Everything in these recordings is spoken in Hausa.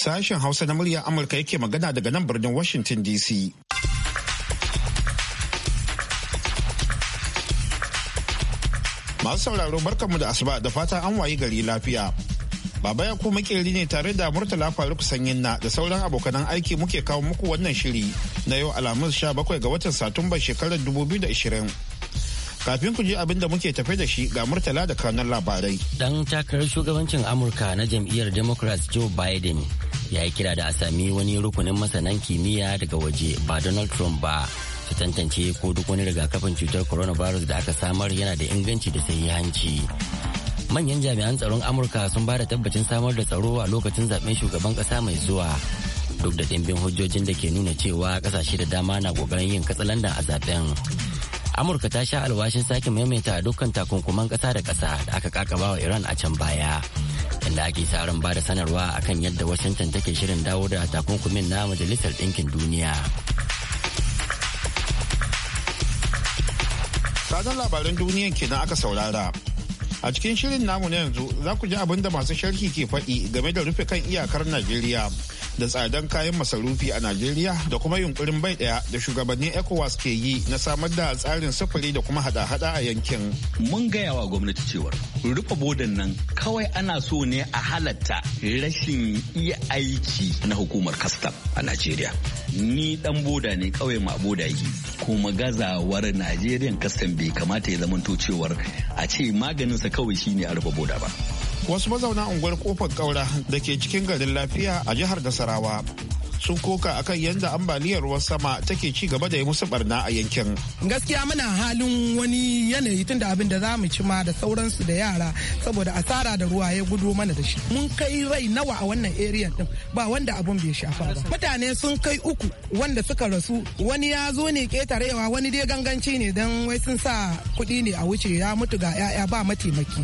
Sashen Hausa na muryar Amurka yake magana daga nan birnin Washington DC. Masu sauraro barkanmu da asuba da fata an wayi gari lafiya. Baba ya kuma makeri ne tare da Murtala Faruk Sanyin na da sauran abokanan aiki muke kawo muku wannan shiri na yau Alhamis bakwai ga watan Satumba shekarar dubu biyu da 2020. Kafin ku je abin da muke tafe da shi ga Murtala da kanan labarai. Dan takarar shugabancin Amurka na jam'iyyar Democrats Joe Biden ya yi kira da a sami wani rukunin masanan kimiyya daga waje ba donald trump ba su tantance ko duk wani rigakafin cutar coronavirus da aka samar yana da inganci da hanci manyan jami'an tsaron amurka sun ba da tabbacin samar da tsaro a lokacin zaben shugaban kasa mai zuwa duk da dimbin hujjojin da ke nuna cewa kasashe da dama na kokarin yin katsalandan a zaben amurka ta sha alwashin sake maimaita dukkan takunkuman kasa da kasa da aka kakaba wa iran a can baya inda ake tsarin bada ba da sanarwa akan yadda washington take shirin dawo da takunkumin na majalisar ɗinkin duniya sanar labaran duniyan kenan aka saurara a cikin shirin namu na yanzu za ku ji abin da masu sharhi ke faɗi game da rufe kan iyakar najeriya da tsadan kayan masarufi a Najeriya da kuma yunkurin bai daya da shugabannin ECOWAS ke yi na samar da tsarin sufuri da kuma hada-hada a yankin. Mun gaya wa gwamnati cewar rufe bodan nan kawai ana so ne a halatta rashin iya aiki na hukumar kastam a Najeriya. Ni dan boda ne kawai ma boda yi kuma gazawar Najeriyan kastam bai kamata ya zamanto cewar a ce maganinsa kawai shine a rufe boda ba. wasu mazauna unguwar kofar kaura da ke cikin garin lafiya a jihar nasarawa sun koka akan yadda ambaliyar ruwan sama take ci gaba da yi musu barna a yankin. Gaskiya muna halin wani yanayi tunda abin da za mu ci ma da sauransu da yara saboda asara da ruwa ya gudu mana da shi. Mun kai rai nawa a wannan area din ba wanda abun bai shafa ba. Mutane sun kai uku wanda suka rasu wani ya zo ne ketarewa wani dai ganganci ne dan wai sun sa kuɗi ne a wuce ya mutu ga 'ya'ya ba mataimaki.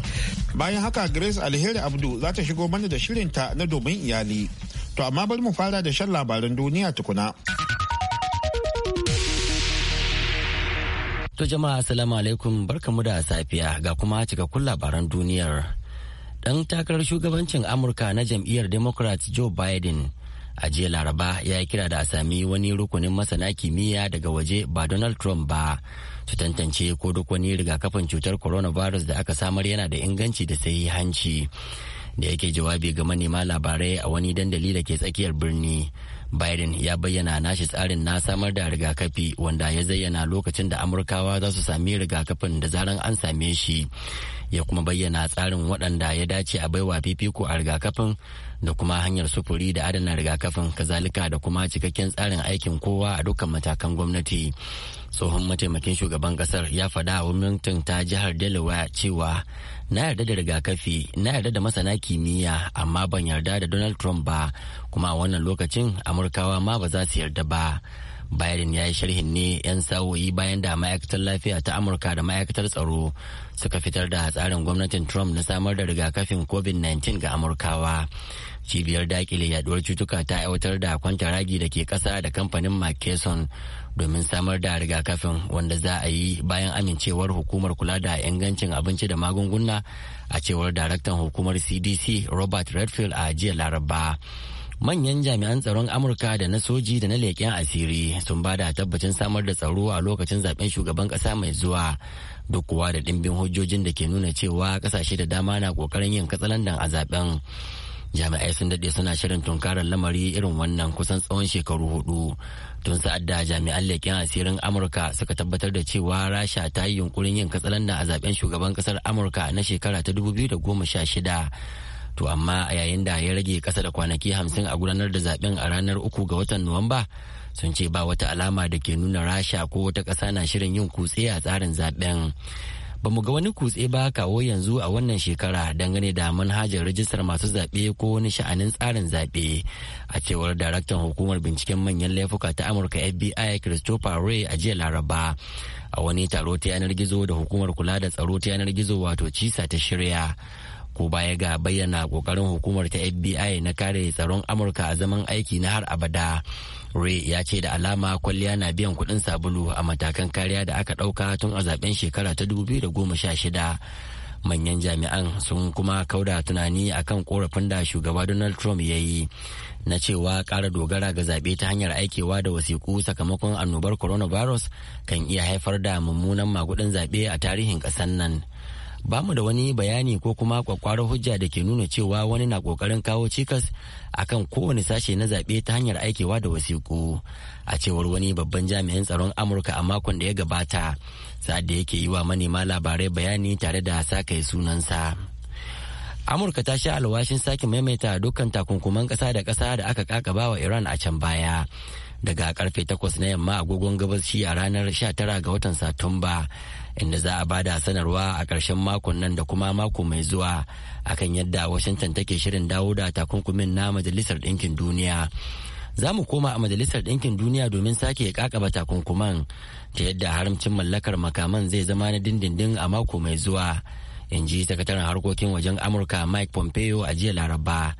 Bayan haka Grace Alheri Abdu za ta shigo mana da shirinta na domin iyali. To amma bari mu fara da shan labaran duniya tukuna. To jama'a assalamu alaikum barkamu da safiya ga kuma cikakkun labaran duniyar. Dan takarar shugabancin Amurka na jam'iyyar Democrat Joe Biden a jiya Laraba ya kira da a sami wani rukunin masana kimiyya daga waje ba Donald Trump ba su tantance ko duk wani rigakafin cutar coronavirus da aka samar yana da inganci da sai hanci. da yake jawabi ga manema labarai a wani dandali da ke tsakiyar birni biden ya bayyana nashi tsarin na samar da rigakafi wanda ya zayyana lokacin da amurkawa za su sami rigakafin da zaran an same shi ya kuma bayyana tsarin waɗanda ya dace a baiwa fifiko a rigakafin da kuma hanyar sufuri da adana rigakafin kazalika da kuma cikakken tsarin aikin kowa a dukkan matakan gwamnati tsohon mataimakin shugaban kasar ya faɗa a wilmington ta jihar delaware cewa na yarda da rigakafi na yarda da masana kimiyya amma ban yarda da donald trump ba kuma a wannan lokacin amurkawa ma ba za su yarda ba biden ya yi sharhin ne 'yan sawoyi bayan da ma'aikatar lafiya ta amurka da ma'aikatar tsaro suka fitar da tsarin gwamnatin trump na samar da rigakafin covid-19 ga amurkawa cibiyar dakile yaduwar cutuka ta aiwatar da kwanta ragi da ke kasa da kamfanin mckesson domin samar da rigakafin wanda za a yi bayan amincewar hukumar kula da ingancin abinci da magunguna a cewar daraktan hukumar cdc robert redfield a jiya laraba manyan jami'an tsaron amurka da na soji da na leƙen asiri sun ba da tabbacin samar da tsaro a lokacin zaben shugaban ƙasa mai zuwa duk kuwa da ɗimbin hujjojin da ke nuna cewa ƙasashe da dama na ƙoƙarin yin katsalandan a zaben jami'ai sun daɗe suna shirin tunkarar lamari irin wannan kusan tsawon shekaru hudu tun sa'ad da jami'an leƙen asirin amurka suka tabbatar da cewa rasha ta yi yunkurin yin katsalandan a zaben shugaban ƙasar amurka na shekara ta da goma sha shida. to amma a yayin da ya rage kasa da kwanaki hamsin a gudanar da zaben a ranar uku ga watan nuwamba sun ce ba wata alama da ke nuna rasha ko wata ƙasa na shirin yin kutse a tsarin zaben ba mu ga wani kutse ba kawo yanzu a wannan shekara dangane da manhajar rajistar masu zaɓe ko wani sha'anin tsarin zaɓe a cewar daraktan hukumar binciken manyan laifuka ta amurka fbi christopher ray a jiya laraba a wani taro ta yanar gizo da hukumar kula da tsaro ta yanar gizo wato cisa ta shirya ko baya ga bayyana kokarin hukumar ta fbi na kare tsaron amurka a zaman aiki na har abada ray ya ce da alama kwalliya na biyan kudin sabulu a matakan kariya da aka dauka tun a zaben shekara ta 2016 manyan jami'an sun kuma kauda tunani akan korafin da shugaba donald trump ya yi na cewa ƙara dogara ga zaɓe ta hanyar aikewa da wasiƙu sakamakon annobar coronavirus kan iya haifar da mummunan magudin zaɓe a tarihin ƙasar nan. ba mu da wani bayani ko kuma kwakwarar hujja da ke nuna cewa wani na kokarin kawo cikas akan kowane sashe na zaɓe ta hanyar aikewa da wasiƙu a cewar wani babban jami'in tsaron amurka a makon da ya gabata sa'ad da yake yi wa manema labarai bayani tare da sa kai sunansa. amurka ta sha alwashin sake maimaita dukkan takunkuman ƙasa da kasa da aka kakaba wa iran a can baya daga karfe takwas na yamma agogon shi a ranar 19 ga watan satumba inda za a bada sanarwa a ƙarshen makon nan da kuma mako mai zuwa akan yadda washington take shirin dawo da takunkumin na majalisar ɗinkin duniya za mu koma a majalisar ɗinkin duniya domin sake kakaba takunkuman ta yadda haramcin mallakar makaman zai zama na dindindin a mako mai zuwa in ji sakataren harkokin wajen amurka mike pompeo a jiya laraba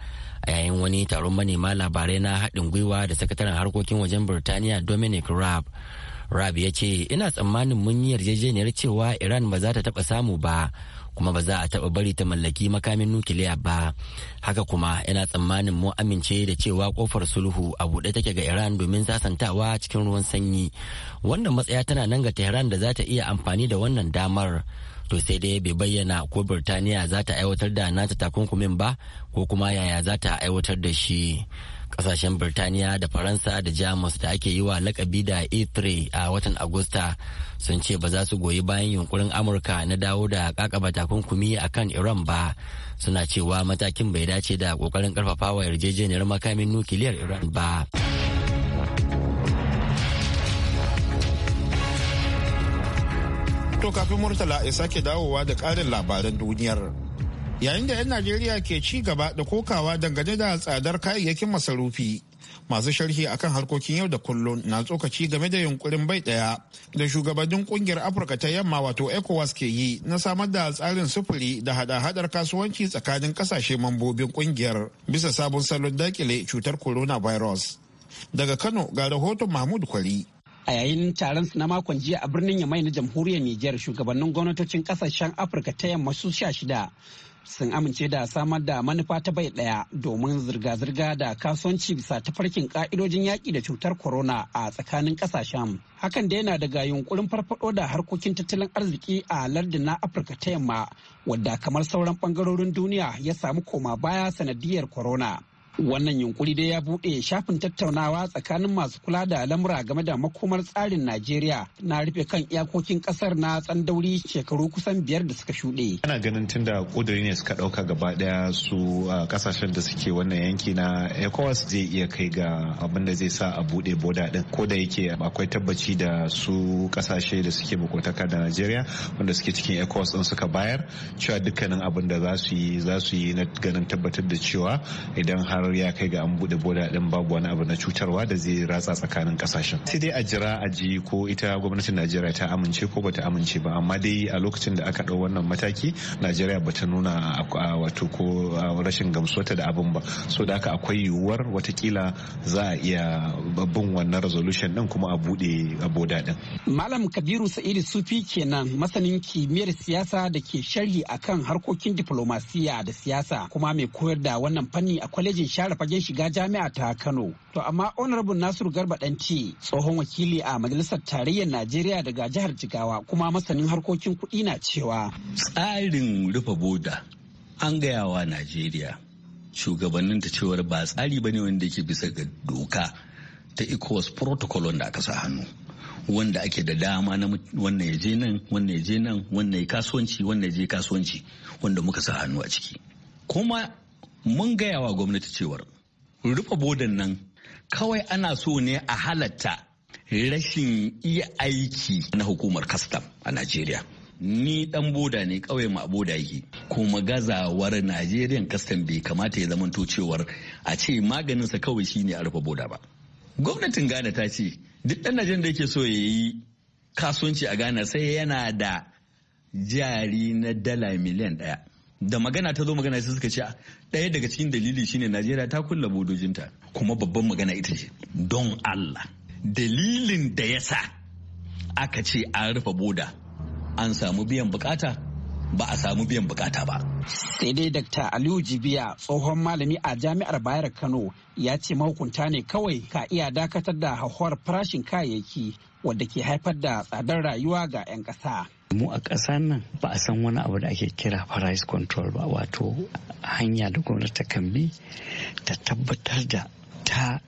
a yayin wani taron manema labarai na haɗin gwiwa da sakataren harkokin wajen birtaniya dominic rab rab ya ce ina tsammanin mun yi yarjejeniyar cewa iran ba za ta taɓa samu ba kuma ba za a taɓa bari ta mallaki makamin nukiliya ba haka kuma ina tsammanin mu amince da cewa kofar sulhu a buɗe take ga iran domin sasantawa cikin ruwan sanyi wannan matsaya tana nan ga tehran da za ta iya amfani da wannan damar to sai dai bai bayyana ko birtaniya za ta aiwatar da nata takunkumin ba ko kuma yaya za ta aiwatar da shi kasashen birtaniya da faransa da jamus da ake yi wa lakabi da e3 a watan agusta sun ce ba za su goyi bayan yunkurin amurka na dawo da kakaba takunkumi a kan iran ba suna cewa matakin bai dace da kokarin karfafa wa yarjejeniyar makamin nukiliyar iran ba. To kafin Murtala ya sake dawowa da karin labaran duniyar. Yayin da 'yan Najeriya ke ci gaba da kokawa dangane da tsadar kayayyakin masarufi. Masu sharhi akan harkokin yau da kullum na tsokaci game da yunkurin bai ɗaya da shugabannin kungiyar Afirka ta yamma wato ECOWAS ke yi na samar da tsarin sufuri da hada-hadar kasuwanci tsakanin kasashe mambobin kungiyar bisa sabon salon dakile cutar corona virus. Daga Kano ga rahoton Mahmud Kwari. a yayin taron na makon jiya a birnin yamai na jamhuriyar nijar shugabannin gwamnatocin kasashen afirka ta yamma su sha shida sun amince da samar da manufa ta bai daya domin zirga-zirga da kasuwanci bisa tafarkin ka'idojin yaƙi da cutar corona a tsakanin kasashen. hakan da yana daga yunkurin farfado da harkokin tattalin arziki a lardin na afirka ta yamma wadda kamar sauran bangarorin duniya ya samu koma baya sanadiyar corona. Wannan yunkuri dai ya buɗe shafin tattaunawa tsakanin masu kula da lamura game da makomar tsarin Najeriya na rufe kan iyakokin ƙasar na tsandauri shekaru kusan biyar da suka shuɗe. Ana ganin tunda kudiri ne suka ɗauka gaba ɗaya su kasashen da suke wannan yanki na ECOWAS zai iya kai ga abin da zai sa a buɗe boda ɗin. Ko da yake akwai tabbaci da su ƙasashe da suke makotaka da Najeriya wanda suke cikin ECOWAS ɗin suka bayar cewa dukkanin abin da za su yi za su yi na ganin tabbatar da cewa idan har har ya kai ga an bude boda din babu wani abu na cutarwa da zai ratsa tsakanin kasashen sai dai a jira a ji ko ita gwamnatin najeriya ta amince ko bata amince ba amma dai a lokacin da aka dau wannan mataki najeriya bata nuna wato ko rashin gamsuwa da abin ba so da haka akwai yiwuwar watakila za a iya bin wannan resolution din kuma a bude boda din malam kabiru sa'idu sufi kenan masanin kimiyyar siyasa da ke sharhi akan harkokin diplomasiya da siyasa kuma mai koyar da wannan fanni a kwalejin share fagen shiga jami'a ta Kano. To amma Honorable Nasiru Garba ce tsohon wakili a Majalisar Tarayyar Najeriya daga jihar Jigawa kuma masanin harkokin kuɗi na cewa. Tsarin rufe boda an gayawa Najeriya shugabannin ta cewar ba tsari bane wanda yake bisa ga doka ta ECOWAS protocol wanda aka sa hannu. wanda ake da dama na wannan ya nan wannan ya nan wannan ya kasuwanci wannan ya je kasuwanci wanda muka sa hannu a ciki kuma mun gaya wa gwamnati cewar rufe bodan nan kawai ana so ne a halatta rashin iya aiki na hukumar kastam a najeriya ni dan boda ne kawai ma boda yake kuma gazawar najeriyan kastam bai kamata ya zamanto cewar a ce maganinsa kawai shine a rufe boda ba gwamnatin ghana ta ce duk dan najeriya da yake so ya yi kasuwanci a ghana sai yana da jari na dala miliyan daya da magana ta zo magana sai suka ce ah, ɗaya daga cikin dalili shine najeriya ta kulle bodojinta kuma babban magana ita ce don allah dalilin da ya sa aka ce an rufe boda an samu biyan bukata ba a samu biyan bukata ba. Sai dai Dr. Aliyu Jibiya tsohon malami a jami'ar Bayar Kano ya ce mahukunta ne kawai ka iya dakatar da hauhawar farashin kayayyaki wadda ke haifar da tsadar rayuwa ga 'yan ƙasa. mu a ƙasar nan ba a san wani abu da ake kira price control ba wato hanya da gwamnati kan bi ta tabbatar da ta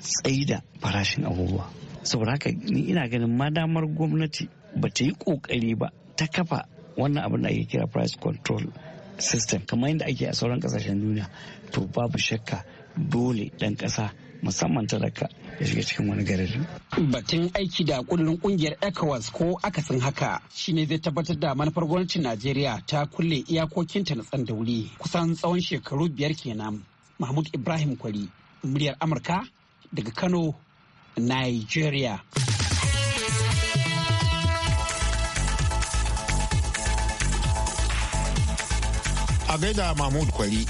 tsaida farashin abubuwa saboda haka ni ina ganin madamar gwamnati ba ta yi ƙoƙari ba ta kafa wannan abin da ake kira price control system kamar yadda ake a sauran kasashen duniya to babu shakka dole dan ƙasa musamman talaka ya shiga cikin wani garin. Batun aiki da kullun kungiyar ECOWAS ko akasin haka shine zai tabbatar da manufar gwamnatin Najeriya ta kulle iyakokinta na tsandauri kusan tsawon shekaru biyar kenan. Mahmud Ibrahim Kwari, muryar Amurka daga Kano, Nigeria. A gaida Mahmud Kwari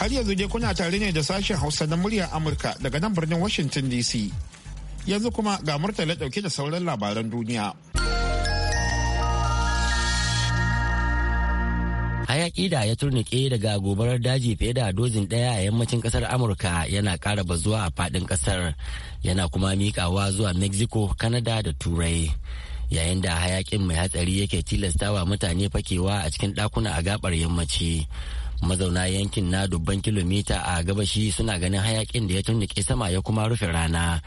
har yanzu dai kuna tare ne da sashen hausa na muryar amurka daga nan birnin washington dc yanzu kuma ga murtala dauke da sauran labaran duniya hayaki da ya turnike daga gobarar daji fiye da dozin daya a yammacin kasar amurka yana kara bazuwa a fadin kasar yana kuma mikawa zuwa mexico canada da turai yayin da hayakin mai hatsari yake tilastawa mutane fakewa a cikin dakuna a gabar yammaci mazauna yankin na dubban kilomita a gabashi suna ganin hayakin da ya tunnuke sama ya kuma rufe rana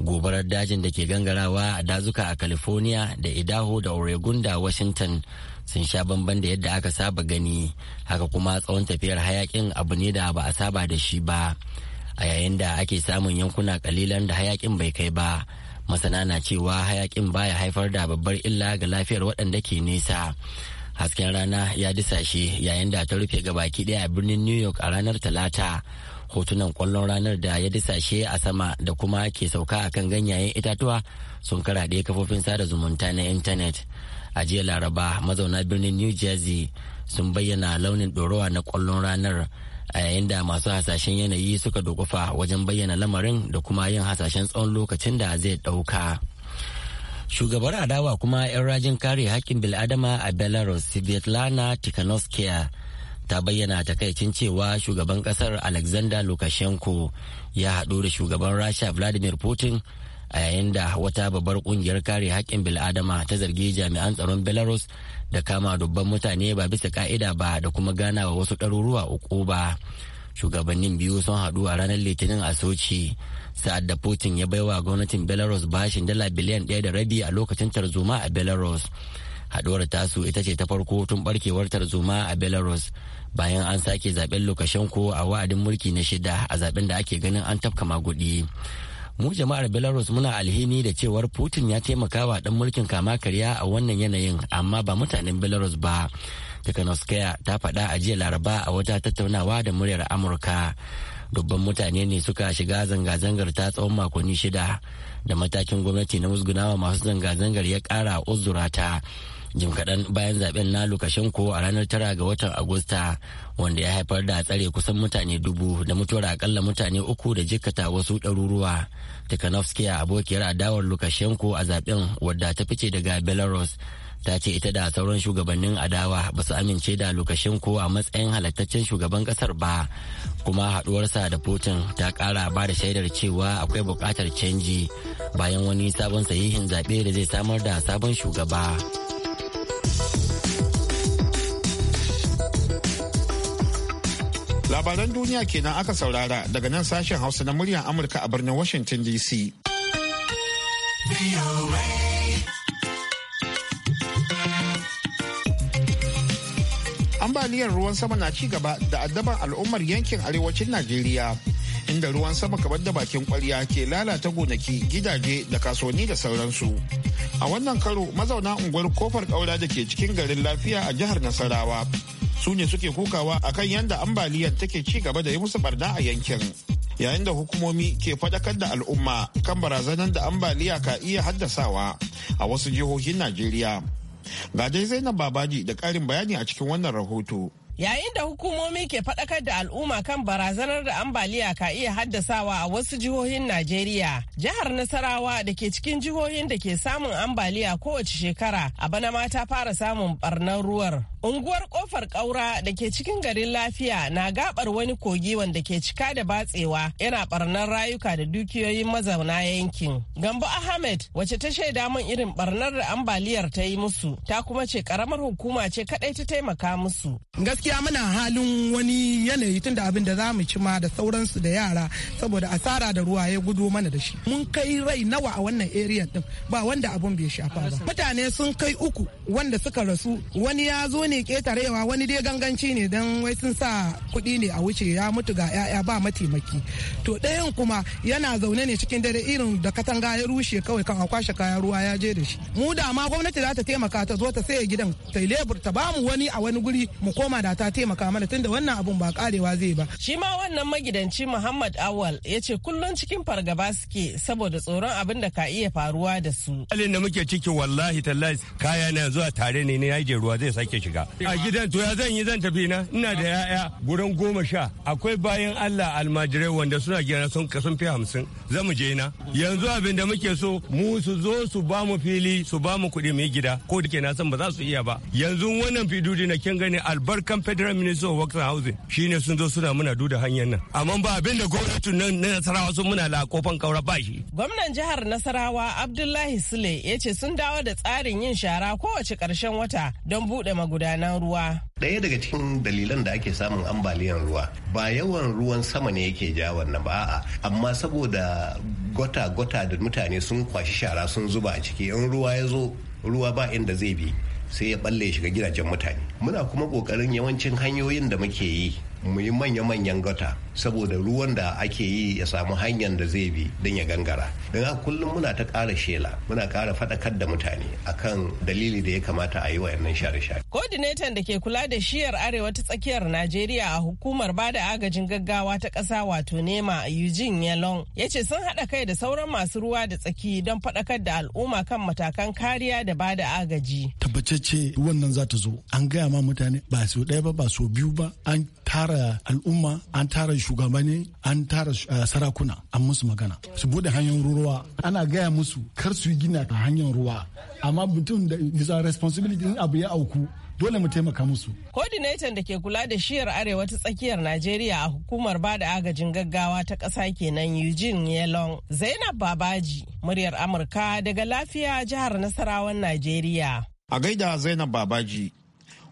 gobarar dajin da ke gangarawa a dazuka a california da idaho da oregon da washington sun sha bamban da yadda aka saba gani haka kuma tsawon tafiyar hayakin abu ne da ba a saba da shi ba a yayin da ake samun yankuna kalilan da hayakin bai kai ba masana na cewa hayakin baya haifar da babbar illa ga lafiyar waɗanda ke nesa hasken rana ya disashe yayin da ta rufe gabaki daya a birnin new york a ranar talata hotunan kwallon ranar da ya disashe a sama da kuma ke sauka a kan ganyayen itatuwa sun karaɗe kafofin sada zumunta na intanet a jiya laraba mazauna birnin new jersey sun bayyana launin ɗorowa na kwallon ranar a yayin da masu hasashen yanayi suka dogufa wajen bayyana lamarin da kuma yin hasashen tsawon lokacin da zai ɗauka. shugabar adawa kuma 'yan rajin kare haƙƙin bil'adama a belarus svetlana tikhanovskaya ta bayyana takaicin cewa shugaban ƙasar alexander lukashenko ya haɗu da shugaban rasha vladimir putin a yayin da wata babbar ƙungiyar kare haƙƙin bil'adama ta zargi jami'an tsaron belarus da kama dubban mutane ba bisa ka'ida ba da kuma gana wa wasu ɗaruruwa uku ba shugabannin biyu sun haɗu a ranar litinin a sochi sa'ad da putin ya baiwa gwamnatin belarus bashin dala biliyan ɗaya da rabi a lokacin tarzoma a belarus haɗuwar tasu ita ce ta farko tun barkewar tarzoma a belarus bayan an sake zaben ko a wa'adin mulki na shida a zaben da ake ganin an tafka magudi mu jama'ar belarus muna alhini da cewar putin ya taimaka wa dan mulkin kama karya a wannan yanayin amma ba mutanen belarus ba tikhanovskaya ta faɗa a jiya laraba a wata tattaunawa da muryar amurka dubban mutane ne suka shiga zanga-zangar ta tsawon makonni shida da matakin gwamnati na musgunawa masu zanga-zangar ya kara uzurata jim kaɗan bayan zaben na lukashenko a ranar tara ga watan agusta wanda ya haifar da tsare kusan mutane dubu da mutuwar akalla mutane uku da jikkata wasu ɗaruruwa tikhanovsky abokiyar adawar lukashenko a zaben wadda ta fice daga belarus ta ce ita da sauran shugabannin adawa ba su amince da lukashenko a matsayin halattaccen shugaban kasar ba kuma haduwarsa da putin ta kara ba da shaidar cewa akwai bukatar canji bayan wani sabon sahihin zaɓe da zai samar da sabon shugaba labaran duniya kenan aka saurara daga nan sashen hausa na muryar amurka a birnin washington dc ambaliyar ruwan sama na ci gaba da addaban al'ummar yankin arewacin Najeriya inda ruwan sama kamar da bakin kwarya ke lalata gonaki gidaje da kasuwanni da sauransu. A wannan karo mazauna unguwar kofar ƙaura da ke cikin garin lafiya a jihar Nasarawa su ne suke kokawa akan yadda ambaliyar take ci gaba da yi musu barna a yankin. yayin da hukumomi ke faɗakar da al'umma kan barazanar da ambaliya ka iya haddasawa a wasu jihohin Najeriya. Ga dai Zainab Babaji da ƙarin bayani a cikin wannan rahoto. Yayin da hukumomi ke faɗakar da al'umma kan barazanar da ambaliya ka iya haddasawa a wasu jihohin Najeriya, jihar Nasarawa da ke cikin jihohin da ke samun ambaliya kowace shekara a bana mata fara samun barnar ruwar. Unguwar kofar ƙaura da ke cikin garin lafiya na gabar wani kogi wanda ke cika da batsewa yana barnar rayuka da dukiyoyin mazauna yankin. Gambo Ahmed wace ta shaida min irin barnar da ambaliyar ta yi musu ta kuma ce karamar hukuma ce kadai ta taimaka musu. Gaskiya muna halin wani yanayi tunda abin da zamu ci ma da sauransu da yara saboda asara da ruwa ya gudu mana da shi. Mun kai rai nawa a wannan area din ba wanda abun bai shafa ba. Mutane sun kai uku wanda suka rasu wani ya zo ke tarewa wani dai ganganci ne don wai sun sa kuɗi ne a wuce ya mutu ga 'ya'ya ba mataimaki to ɗayan kuma yana zaune ne cikin dare irin da katanga ya rushe kawai kan a kwashe kayan ruwa ya je da shi mu da ma gwamnati za ta taimaka ta zo ta saye gidan ta lebur ta ba mu wani a wani guri mu koma da ta taimaka mana tunda wannan abun ba karewa zai ba shi ma wannan magidanci muhammad awal ya ce kullum cikin fargaba suke saboda tsoron abin da ka iya faruwa da su halin da muke ciki wallahi tallahi kaya na zuwa tare ne ne ya ruwa zai sake shiga a gidan to ya zan yi zan tafi na ina da ya'ya gurin goma sha akwai bayan Allah almajirai wanda suna gina sun fi hamsin za mu je na yanzu abin da muke so mu su zo su ba mu fili su ba mu kuɗi mu yi gida ko da ke na san ba za su iya ba yanzu wannan fidudi na kin gani albarkan federal minister of works and housing shine sun zo suna muna duda hanyar nan amma ba abin da gwamnatin nan na nasarawa sun muna lakofan kaura ba shi gwamnan jihar nasarawa abdullahi sule ya ce sun dawo da tsarin yin shara kowace ƙarshen wata don buɗe maguda magudanan ruwa. Ɗaya daga cikin dalilan da ake samun ambaliyan ruwa ba yawan ruwan sama ne yake ja wannan ba a'a amma saboda gwata-gwata da mutane sun kwashi shara sun zuba a ciki in ruwa ya zo ruwa ba inda zai bi sai ya balle shiga gidajen mutane. muna kuma kokarin yawancin hanyoyin da muke yi mu yi manya-manyan gota saboda ruwan da ake yi ya samu hanyar da zai bi don ya gangara don haka kullum muna ta kara shela muna kara faɗakar da mutane akan dalili da ya kamata a yi wayannan share-share. Kodinetan da ke kula da shiyar arewa ta tsakiyar Najeriya a hukumar bada agajin gaggawa ta ƙasa wato nema Eugene Yalon ya ce sun haɗa kai da sauran masu ruwa da tsaki don faɗakar da al'umma kan matakan kariya da bada agaji. Tabbacece wannan za ta zo an gaya ma mutane ba su ɗaya ba ba su biyu ba an tara al'umma an tara shugabanni an tara eh, sarakuna an musu magana su bude hanyar ruwa ana gaya musu kar su gina a hanyar ruwa amma mutum da isa responsibility abu ya auku dole mu taimaka musu. Coordinator da ke kula da shiyar arewa ta tsakiyar Najeriya a hukumar ba da agajin gaggawa ta ƙasa kenan Eugene yelong Zainab Babaji muryar Amurka daga lafiya jihar Nasarawan Najeriya. A gaida Zainab Babaji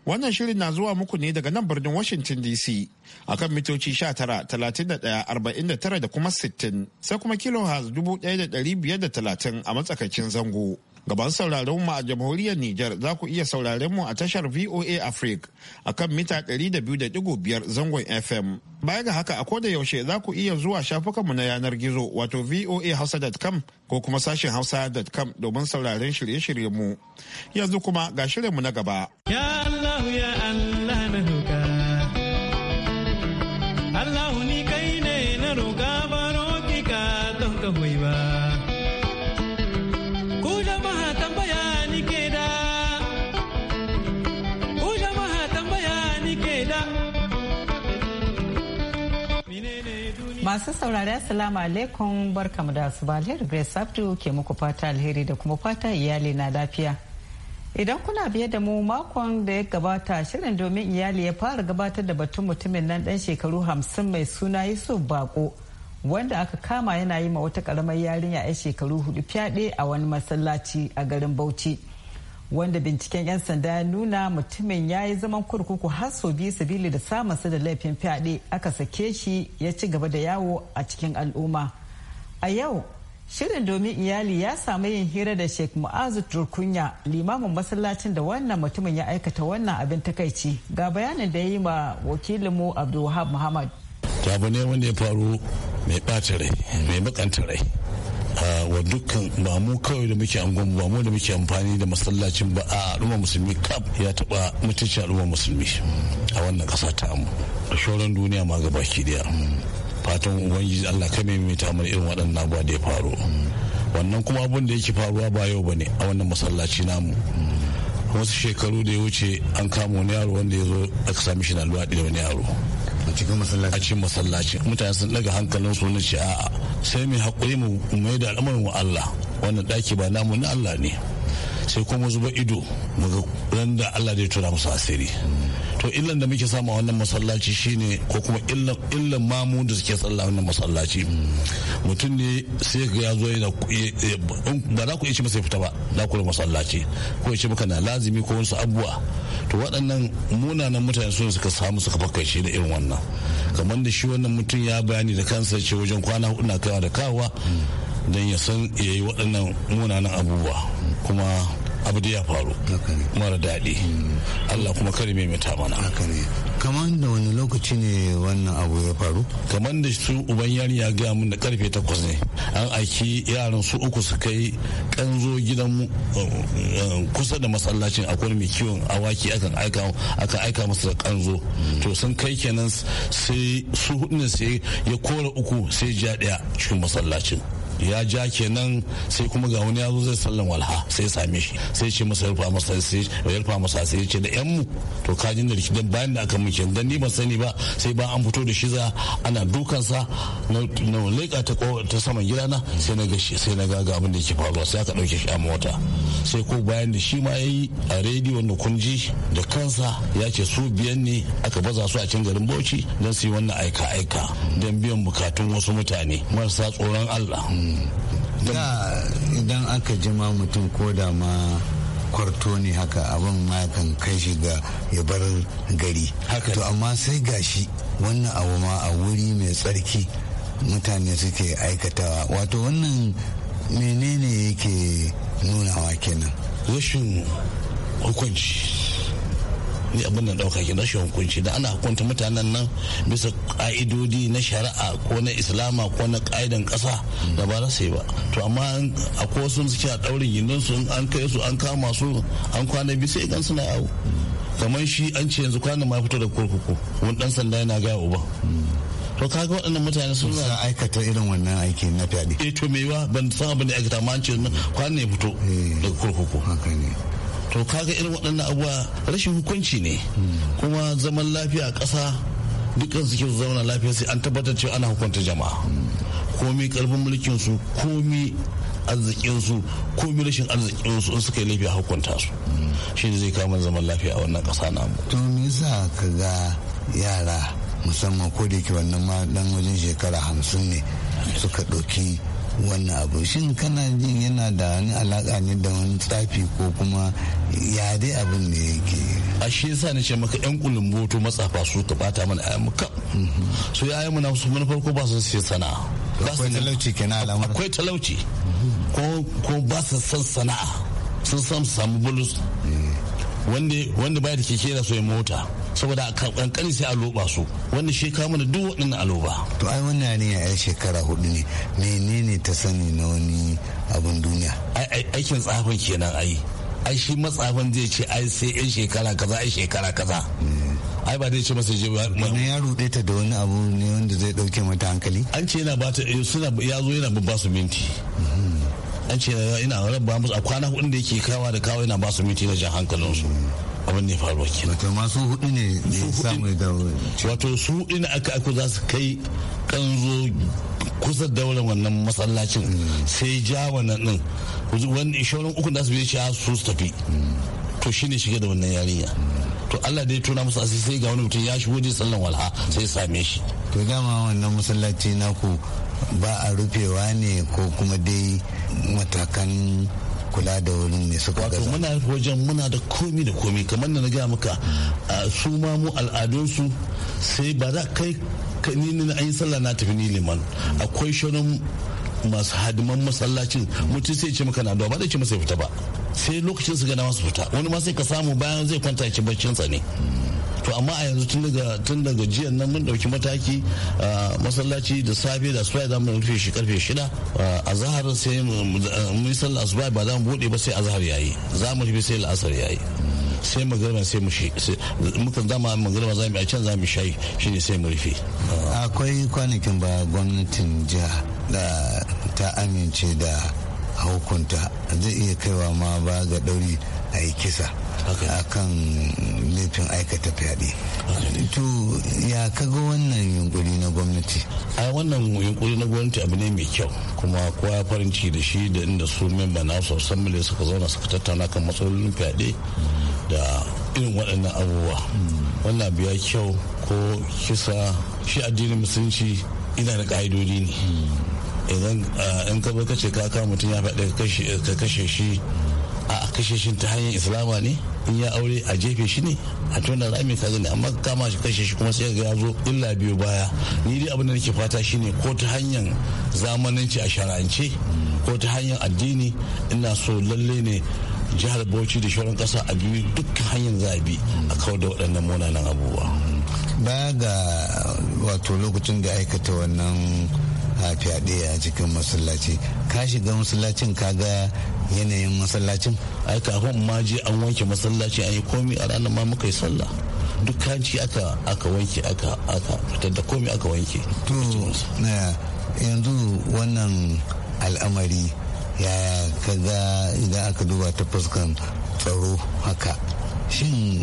Wannan shirin na zuwa muku ne daga nan birnin Washington DC a kan mitoci 19,31,49 da kuma 60 sai kuma kilohertz 1,530 a matsakaicin zango. Gaban sauraron mu a jamhuriyar Nijar za ku iya sauraren mu a tashar VOA Africa a kan mita 200.5 zangon FM. Baya ga haka a koda yaushe za ku iya zuwa shafukanmu na yanar gizo wato voahausa.com ko kuma sashen hausa.com domin sauraren shirye-shiryen mu. Yanzu kuma ga shirinmu na gaba. Masu saurari Assalamu alaikum barkamu da su alheri Grace Abdu ke muku fata alheri da kuma fata iyali na lafiya. Idan kuna biye da mu makon da ya gabata shirin domin iyali ya fara gabatar da batun mutumin nan dan shekaru hamsin mai suna Yusuf Bako wanda aka kama yana yi ma wata karamar yarinya a shekaru hudu fyaɗe a wani masallaci a garin Bauchi. wanda binciken 'yan sanda ya nuna mutumin ya yi zaman kurkuku har sau biyu sabili da samunsa da laifin fyaɗe aka sake shi ya ci gaba da yawo a cikin al'umma a yau shirin domin iyali ya samu yin hira da sheikh mu'azu turkunya limamin masallacin da wannan mutumin ya aikata wannan abin takaici ga bayanin da ya yi ma wakilinmu abdulwahab muhammad abu ne wanda ya faru mai bata rai mai bakanta rai wa dukkan ba mu kawai da muke angon ba mu da muke amfani da masallacin ba a al'umma musulmi kaf ya taba mutuncin al'umma musulmi a wannan kasa ta mu a shoran duniya ma ga baki daya fatan ubangiji Allah kame mai ta irin waɗannan abuwa da ya faru wannan kuma abun da yake faruwa ba yau bane a wannan masallaci namu wasu shekaru da ya wuce an kama wani yaro wanda ya zo aka sami shi na luwaɗi da wani yaro a cikin masallaci mutane sun ɗaga hankalin su na a'a sai mai haƙuri mu mai da al'amarin wa Allah wannan ɗaki ba namu na Allah ne sai kuma zuba ido muga ran da Allah zai tura musu asiri to illan da muke samu a wannan masallaci shine ko kuma illan mamu da suke sallah wannan masallaci mutum ne sai ga ya zo yana ba za ku iya masa fita ba za ku masallaci ko ishi muka na lazimi ko wasu abubuwa to waɗannan munanan mutane su suka samu suka shi da irin wannan kamar da shi wannan mutum ya bayani da kansa ce wajen kwana hudu na kaiwa da kawa don ya san ya yi waɗannan munanan abubuwa kuma abu da ya faru mara daɗi hmm. Allah kuma kare maimaita mana kamar da wani lokaci ne wannan abu ya faru kamar da su uban yari ya gaya mun da karfe takwas ne an aiki yaran su uku su kai kanzo gidan eh, eh, kusa da masallacin akwai mai kiwon awaki akan aika akan aika masa da kanzo hmm. to sun kai kenan sai su hudu ne sai ya kora uku sai ja daya cikin masallacin ya ja kenan sai kuma ga wani ya zai sallan walha sai ya same shi sai ce masa yarfa masa sai yarfa masa sai ce da yan mu to ka jin da rikidan bayan da aka muke dan ni ban sani ba sai ba an fito da shi za ana dukansa na leka ta ta saman gidana sai na ga sai na ga abin da yake faruwa sai aka dauke shi a mota sai ko bayan da shi ma yayi a rediyo da kunji da kansa ya ce su biyan ne aka baza su a cikin garin Bauchi don su yi wannan aika aika don biyan bukatun wasu mutane marasa tsoron Allah idan aka jima mutum ko da ma kwarto ne haka abin ma kan kai shi ga ya bar gari to amma sai gashi wannan abu ma a wuri mai tsarki mutane suke aikatawa wato wannan menene yake nunawa kenan rashin hukunci ni abin da dauka ke rashin hukunci da ana hukunta mutanen nan bisa ka'idodi na shari'a ko na islama ko na ka'idan kasa da ba za su yi ba to amma akwai wasu suke a daurin gindin su an kai su an kama su an kwana biyu sai idan suna yawo kamar shi an ce yanzu kwanan ma fito da kurkuku wani dan sanda yana gaya uba to kaga waɗannan mutane sun sa aikata irin wannan aiki na fyaɗe eh to me yiwa ban san abin da aikata ma an ce kwanan ya fito eh. daga kurkuku haka ne to kaga irin waɗannan abuwa rashin hukunci ne kuma zaman lafiya a ƙasa dukkan suke zauna lafiya sai an tabbatar cewa ana hukunta jama'a komi karfin mulkin su komi arzikin su komi rashin arzikin su in suka yi laifi a hukunta su shi zai kama zaman lafiya a wannan ƙasa mu to me yasa ka ga yara musamman ko da ke wannan ma dan wajen shekara hamsin ne suka ɗauki wannan abu shin kana jin yana da wani alaka ne da wani tsafi ko kuma ya dai abin da yake a shi yasa ni ce maka yan to matsafa su ta bata mana ayan muka so ya mu muna su mun farko ba su sai sana'a akwai talauci kenan alamar akwai talauci ko ko ba su san sana'a sun san samu bulus eh. wanda wanda bai da keke da so mota saboda a kankani sai a loba su wannan shi ka mana duk waɗannan aloba to ai wannan ne ya shekara hudu ne menene ta sani na wani abin duniya aikin tsafin kenan ai ai shi matsafin zai ce ai sai yan shekara kaza ai shekara kaza ai ba zai ce masa je ba wannan ya rude ta da wani abu ne wanda zai dauke mata hankali an ce yana bata eh, suna ya zo yana ba su minti an ce ina rabba musu a kwana hudu da yake kawa da kawa yana ba su minti na jan hankalinsu abin ne faruwa ke nan. wato masu hudu ne samu da wato su ne aka aka za su kai kanzo kusa daular wannan masallacin sai ja wannan din wani shauran uku da su bi shi su tafi to shine shige da wannan yarinya to Allah dai tona musu asiri sai ga wani mutum ya shigo je sallan walha sai ya same shi to dama wannan masallaci naku ba a rufewa ne ko kuma dai matakan kula da wurin ne suka gaza wato muna wajen muna da komi da komi kamar da na gaya maka su ma mu al'adunsu sai ba za kai ni na an sallah na tafi ni liman akwai shirin masu hadiman masallacin mutum sai ce maka na da ba zai ce masa fita ba sai lokacin su gana masu fita wani ma sai ka samu bayan zai kwanta ya ci baccinsa ne to amma a yanzu tun daga tun daga jiya nan mun dauki mataki masallaci da safe da asuba za mu rufe shi karfe shida a zahar sai mun sallah asuba ba za mu bude ba sai a zahar yayi za mu rufe sai la'asar yayi sai magarba sai mu muka zama magarba za mu a can za mu shayi shine sai mu rufe akwai kwanakin ba gwamnatin jiha da ta amince da hukunta zai iya kaiwa ma ba ga dauri a yi kisa a kan laifin aikata fyaɗe to ya kaga wannan yunkuri na gwamnati a wannan yunkuri na gwamnati abu ne mai kyau kuma kowa farin ciki da shi da inda su memba na su assembly suka zauna suka tattauna kan matsalolin fyaɗe da irin waɗannan abubuwa hmm. wannan abu ya kyau ko kisa shi addinin musulunci ina da ƙa'idodi ne hmm. idan ah, in ka ce ka kama mutum ya faɗi ka kashe shi hmm. a kashe shi ta hanyar islama ne in ya aure a jefe shi ne a tona rami ka gani amma kama shi kashe shi kuma sai ga ya zo illa biyu baya ni dai abin da nake fata shi ne ko ta hanyar zamananci a shara'ance ko ta hanyar addini ina so lalle ne jihar bauchi da shauran kasa a biyu dukkan hanyar zabi a kawar da waɗannan munanan abubuwa baya ga wato lokacin da aikata wannan fyaɗe a cikin masallaci ka shiga masallacin ka ga yanayin masallacin ai kafin ma je an wanke masallaci an yi komi a ranar ma muka yi sallah duk kanci aka aka wanke aka aka fitar da komi aka wanke to yanzu wannan al'amari yaya ga idan aka duba ta fuskan tsaro haka shin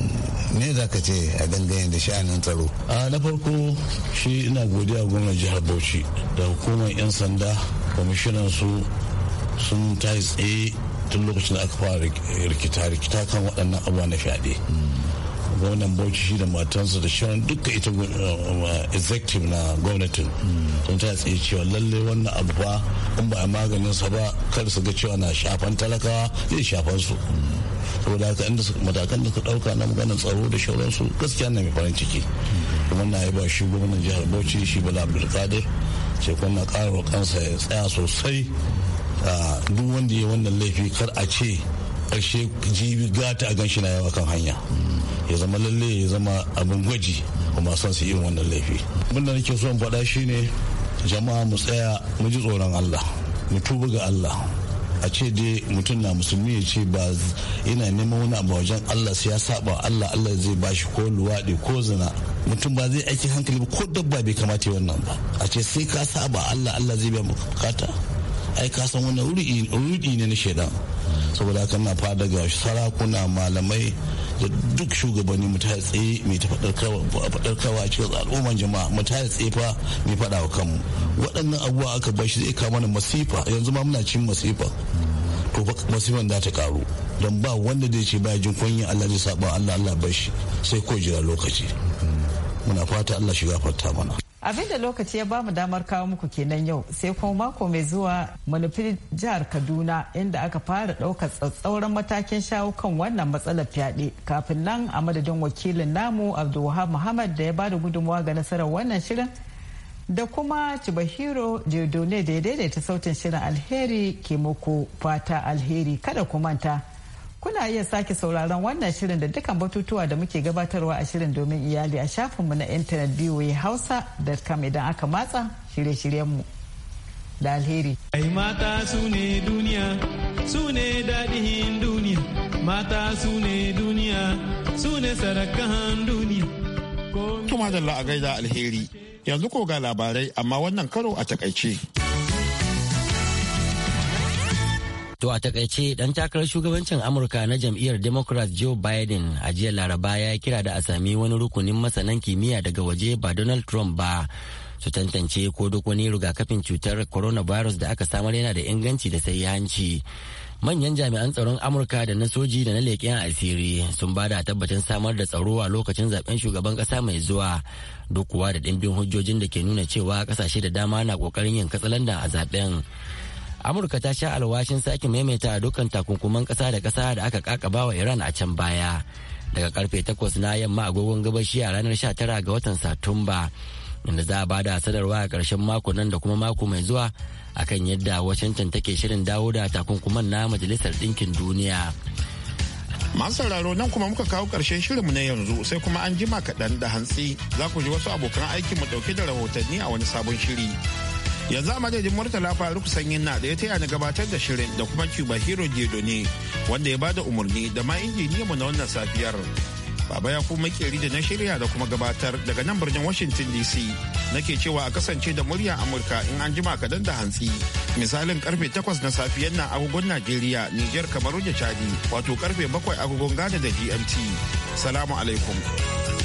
me za ka ce a dangane da sha'anin tsaro a na farko shi ina godiya gwamnan jihar bauchi da hukumar 'yan sanda kwamishinan su sun tayi tsaye tun lokacin da aka fara rikita rikita kan waɗannan abuwa na fyaɗe hmm. gwamnan bauchi shi da matansa da shirin duka ita uh, uh, executive na gwamnatin hmm. sun ta tsaye cewa lalle wannan abu ba in ba a maganin sa ba kar su ga cewa na shafan talakawa zai shafan su hmm. saboda haka inda matakan da ka dauka na maganar tsaro da shauransu gaskiya na mai farin ciki kuma na yi ba shi gwamnan jihar bauchi shi bala abdulkadir ce kuma na kara kansa ya tsaya sosai a duk wanda ya wannan laifi kar a ce ƙarshe jibi gata a gan na yawa kan hanya ya zama lalle ya zama abin gwaji kuma son su yin wannan laifi abinda nake so in faɗa shine jama'a mu tsaya mu ji tsoron allah mu tuba ga allah a ce dai mutum na musulmi ya ce ba yana neman wani abu wajen allah sai ya saba allah allah zai bashi ko luwaɗi ko zina mutum ba zai aikin hankali ba ko dabba bai kamata wannan ba a ce sai ka saba Allah Allah zai biya bukata ai ka san wannan ruɗi ne na shaidan saboda haka na fada ga sarakuna malamai da duk shugabanni mu ta tsaye mai ta a cikin al'umman jama'a mu ta tsaye fa mai fada wa kanmu waɗannan abubuwa aka bar shi zai kama mana masifa yanzu ma muna cin masifa to masifan za ta karu don ba wanda zai ce ba jin kunya Allah zai saba Allah Allah bar shi sai ko jira lokaci muna fata Allah shi gafarta mana abin da lokaci ya ba mu damar kawo muku kenan yau sai kuma mako mai zuwa manufin jihar kaduna inda aka fara ɗaukar tsatsauran matakin shawo kan wannan matsalar fyaɗe kafin nan a madadin wakilin namu abdulwahab muhammad da ya ba da gudunmawa ga nasarar wannan shirin da kuma cibahiro ne da ya daidaita sautin shirin alheri ke muku fata alheri kada ku manta Kuna iya sake sauraron wannan shirin da dukkan batutuwa da muke gabatarwa a shirin domin iyali a shafinmu na intanet da kam idan aka matsa shirye-shiryenmu da alheri. Ai mata su ne duniya, su ne daɗin duniya, mata su ne duniya, su ne sarakan duniya. Tuma da a gaida alheri, yanzu ko ga labarai amma wannan karo a takaice. To a takaice dan takarar shugabancin Amurka na jam'iyyar Democrat Joe Biden a jiya Laraba ya kira da a sami wani rukunin masanan kimiyya daga waje ba Donald Trump ba su tantance ko duk wani rigakafin cutar coronavirus da aka samar yana da inganci da sai hanci. Manyan jami'an tsaron Amurka da na soji da na leƙen asiri sun ba da tabbacin samar da tsaro a lokacin zaben shugaban ƙasa mai zuwa duk kuwa da ɗimbin hujjojin da ke nuna cewa ƙasashe da dama na ƙoƙarin yin katsalandan a zaben. amurka ta sha alwashin sake maimaita dukkan takunkuman ƙasa da kasa da aka kakaba wa iran a can baya daga karfe takwas na yamma agogon gabashi a ranar tara ga watan satumba inda za a bada sadarwa a karshen mako nan da kuma mako mai zuwa akan yadda washington take shirin dawo da takunkuman na majalisar ɗinkin duniya masu sauraro nan kuma muka kawo ƙarshen shirinmu na yanzu sai kuma an jima kaɗan da hantsi za ku ji wasu abokan aikinmu ɗauke da rahotanni a wani sabon shiri yanzu a madadin murtala faruk sanyin na da ya taya ni gabatar da shirin da kuma cuba hero jedo ne wanda ya bada umarni da ma mu na wannan safiyar baba ya kuma makeri da na shirya da kuma gabatar daga nan birnin washington dc nake cewa a kasance da murya amurka in an jima kadan da hantsi misalin karfe 8 na safiyar na agogon najeriya niger kamaru da chadi wato karfe 7 agogon ghana da gmt salamu alaikum